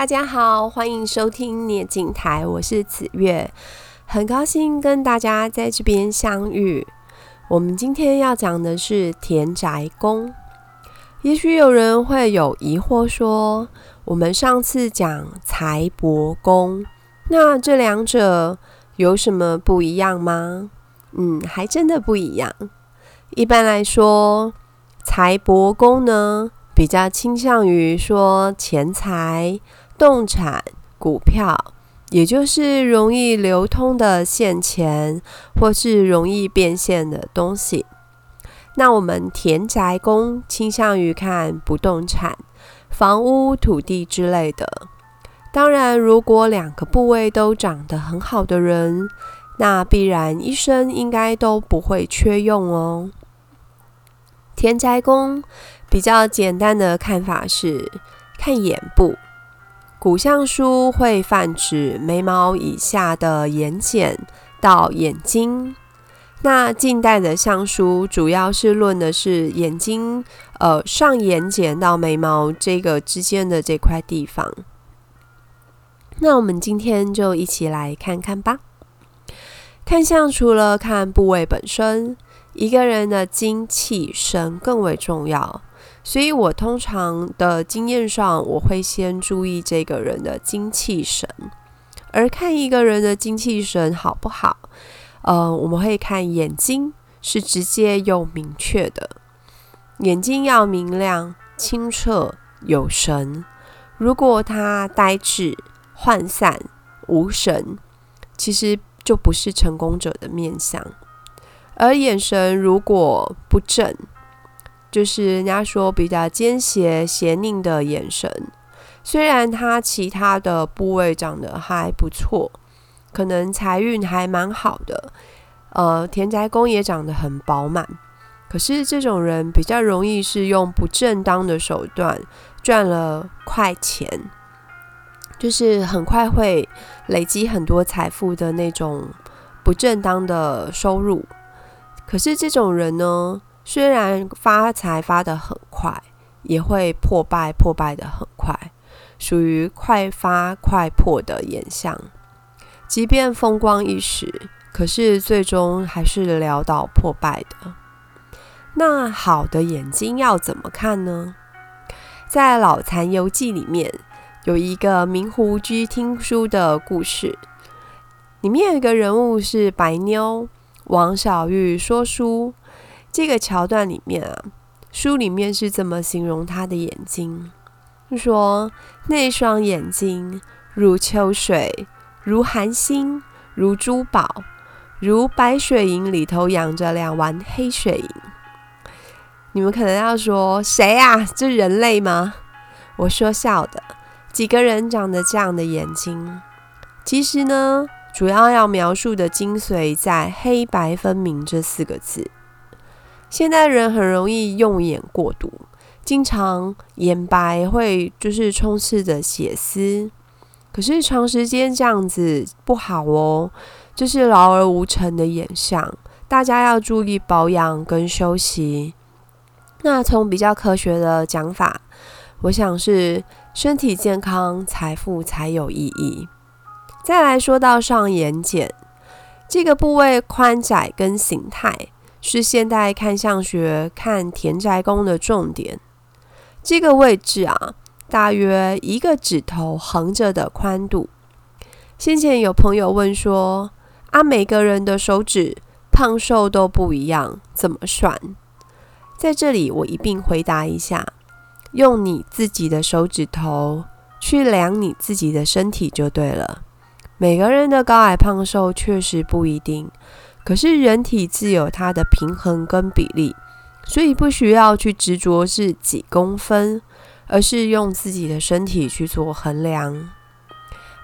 大家好，歡迎收聽捏景台，我是紫玥，很高興跟大家在這邊相遇。我們今天要講的是田宅宮。也許有人會有疑惑說，說我們上次講財帛宮，那這兩者有什麼不一樣嗎？嗯，還真的不一樣。一般來說，財帛宮呢比較傾向於說錢財。動產股票，也就是容易流通的現錢，或是容易變現的東西。那我們田宅宮傾向於看不動產，房屋、土地之類的。當然，如果兩個部位都長得很好的人，那必然一生應該都不會缺用哦。田宅宮比較簡單的看法是看眼部。古相書會泛指眉毛以下的眼瞼到眼睛，那近代的相書主要是論的是眼睛，呃，上眼瞼到眉毛這個之間的這塊地方。那我們今天就一起來看看吧。看相除了看部位本身，一個人的精氣神更為重要。所以，我通常的經驗上，我會先注意這個人的精氣神。而看一個人的精氣神好不好？呃，我們會看眼睛，是直接又明確的。眼睛要明亮、清澈、有神。如果他呆滯、渙散、無神，其實就不是成功者的面相。而眼神如果不正，就是人家說比較奸邪、邪佞的眼神，雖然他其他的部位長得還不錯，可能財運還蠻好的，呃，田宅宮也長得很飽滿。可是這種人比較容易是用不正當的手段賺了快錢，就是很快會累積很多財富的那種不正當的收入。可是這種人呢？雖然發財發得很快，也會破敗，破敗得很快，屬於快發快破的眼相。即便風光一時，可是最終還是潦倒破敗的。那好的眼睛要怎麼看呢？在《老殘遊記》裡面有一個明湖居聽書的故事，裡面有一個人物是白妞，王小玉說書。這個橋段裡面啊，書裡面是怎麼形容他的眼睛？就說那雙眼睛如秋水，如寒星，如珠寶，如白水銀，裡頭養着兩丸黑水銀。你們可能要說誰啊？這人類嗎？我說笑的。幾個人長得這樣的眼睛，其實呢，主要要描述的精髓在“黑白分明”這四個字。現代人很容易用眼過度，經常眼白會就是充斥着血絲，可是長時間這樣子不好哦，就是勞而無成的眼相。大家要注意保養跟休息。那從比較科學的講法，我想是身體健康，財富才有意義。再來說到上眼瞼這個部位寬窄跟形態。是現代看相學看田宅宮的重點，這個位置啊，大約一個指頭橫着的寬度。先前有朋友問說，啊，每個人的手指胖瘦都不一樣，怎麼算？在這裡我一併回答一下，用你自己的手指頭去量你自己的身體就對了。每個人的高矮胖瘦確實不一定。可是人體自有它的平衡跟比例，所以不需要去執着是幾公分，而是用自己的身體去做衡量。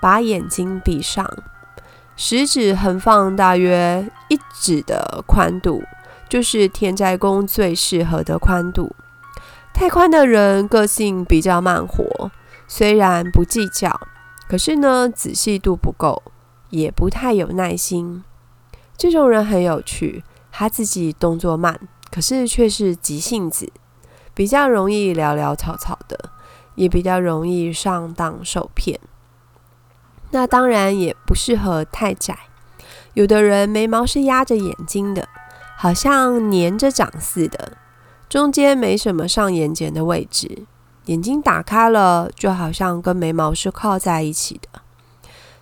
把眼睛閉上，食指橫放大約一指的寬度，就是田宅宮最適合的寬度。太寬的人個性比較慢活，雖然不計較，可是呢，仔細度不夠，也不太有耐心。這種人很有趣，他自己動作慢，可是卻是急性子，比較容易潦潦草草的，也比較容易上當受騙。那當然也不適合太窄。有的人眉毛是壓着眼睛的，好像粘着長似的，中間沒什麼上眼瞼的位置，眼睛打開了，就好像跟眉毛是靠在一起的。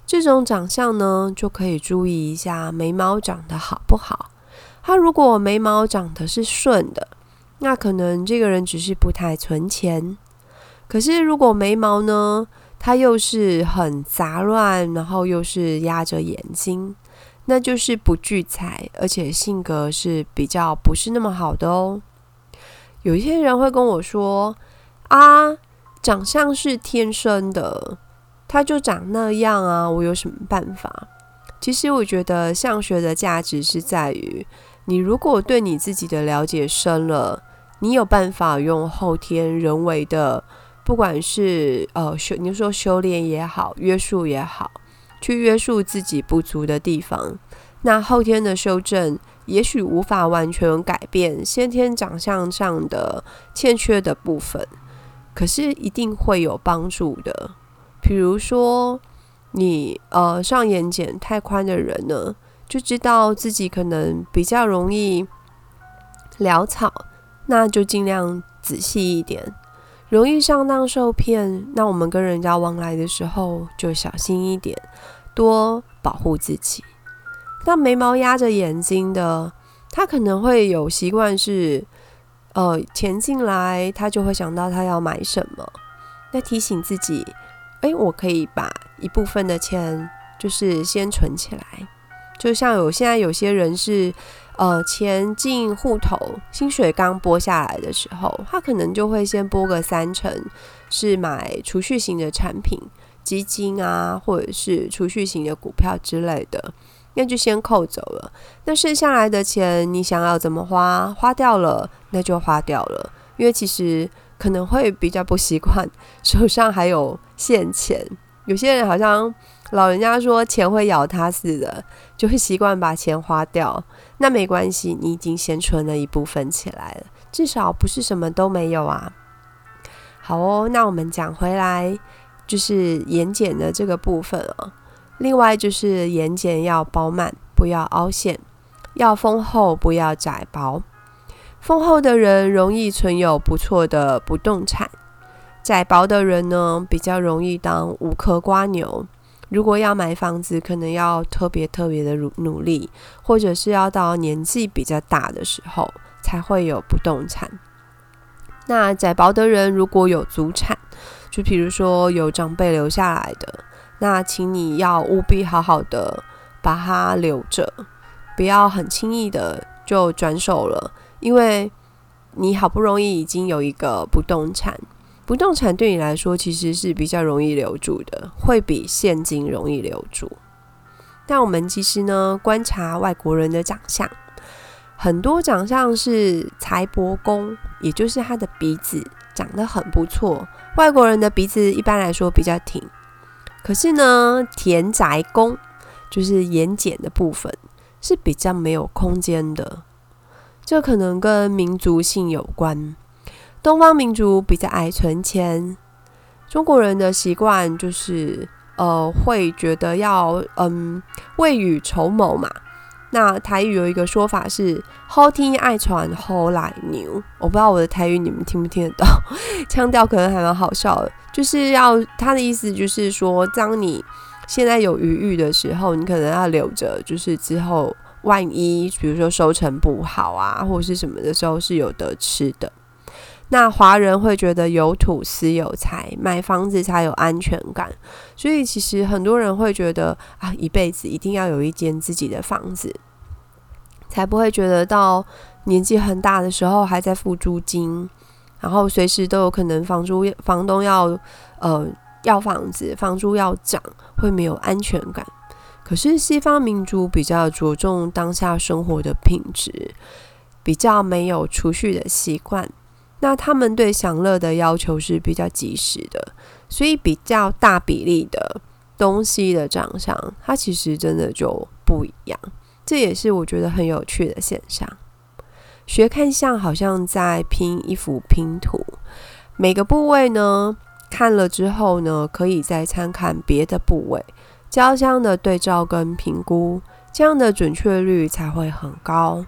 這種長相呢，就可以注意一下眉毛長得好不好。他如果眉毛長得是順的，那可能這個人只是不太存錢。可是如果眉毛呢，他又是很雜亂，然後又是壓着眼睛，那就是不聚財，而且性格是比較不是那麼好的哦。有一些人會跟我說：“啊，長相是天生的。”他就長那樣啊，我有什麼辦法？其實我覺得相學的價值是在於，你如果對你自己的了解深了，你有辦法用後天人為的，不管是呃修，你說修煉也好，約束也好，去約束自己不足的地方。那後天的修正，也許無法完全改變先天長相上的欠缺的部分，可是一定會有幫助的。比如說，你呃上眼瞼太寬的人呢，就知道自己可能比較容易潦草，那就盡量仔細一點。容易上當受騙，那我們跟人家往來的時候就小心一點，多保護自己。那眉毛壓着眼睛的，他可能會有習慣是，呃錢進來他就會想到他要買什麼，那提醒自己。誒，我可以把一部分的錢，就是先存起來，就像有現在有些人是，呃，錢進戶頭，薪水剛撥下來的時候，他可能就會先撥個三成，是買儲蓄型的產品、基金啊，或者是儲蓄型的股票之類的，那就先扣走了。那剩下來的錢，你想要怎麼花，花掉了那就花掉了，因為其實。可能會比較不習慣手上還有現錢，有些人好像老人家說錢會咬他似的，就會習慣把錢花掉。那沒關係，你已經先存了一部分起來了，至少不是什麼都沒有啊。好、哦，那我們講回來就是眼瞼的這個部分啊、哦，另外就是眼瞼要飽滿，不要凹陷，要豐厚，不要窄薄。豐厚的人容易存有不錯的不動產，窄薄的人呢，比較容易當無殼蝸牛。如果要買房子，可能要特別特別的努努力，或者是要到年紀比較大的時候才會有不動產。那窄薄的人如果有祖產，就比如說有長輩留下來的，那請你要務必好好的把它留着，不要很輕易的就轉手了。因為你好不容易已經有一個不動產，不動產對你來說其實是比較容易留住的，會比現金容易留住。但我們其實呢，觀察外國人的長相，很多長相是財帛宮，也就是他的鼻子長得很不錯。外國人的鼻子一般來說比較挺，可是呢，田宅宮就是眼瞼的部分是比較沒有空間的。這可能跟民族性有關，東方民族比較愛存錢，中國人的習慣就是，呃，會覺得要，嗯，未雨綢繆嘛。那台語有一個說法是“好天愛存雨來糧”，我不知道我的台語你們聽不聽得到， 腔調可能還蠻好笑的。就是要他的意思就是說，當你現在有餘裕的時候，你可能要留着，就是之後。萬一比如說收成不好啊，或者是什麼的時候是有得吃的。那華人會覺得有土斯有財，買房子才有安全感，所以其實很多人會覺得啊，一輩子一定要有一間自己的房子，才不會覺得到年紀很大的時候還在付租金，然後隨時都有可能房租房東要呃要房子，房租要漲，會沒有安全感。可是西方民族比較着重當下生活的品質，比較沒有儲蓄的習慣，那他們對享樂的要求是比較及時的，所以比較大比例的東西的長相，它其實真的就不一樣。這也是我覺得很有趣的現象。學看相好像在拼一幅拼圖，每個部位呢，看了之後呢，可以再參看別的部位。交相的對照跟評估，這樣的準確率才會很高，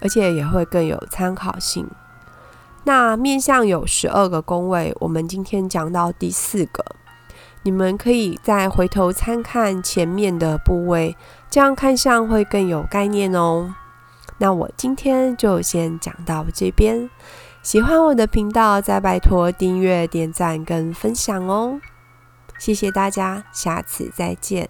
而且也會更有參考性。那面相有十二個宮位，我們今天講到第四個，你們可以再回頭參看前面的部位，這樣看相會更有概念哦。那我今天就先講到這邊，喜歡我的頻道，再拜託訂閱、點贊跟分享哦。謝謝大家，下次再見。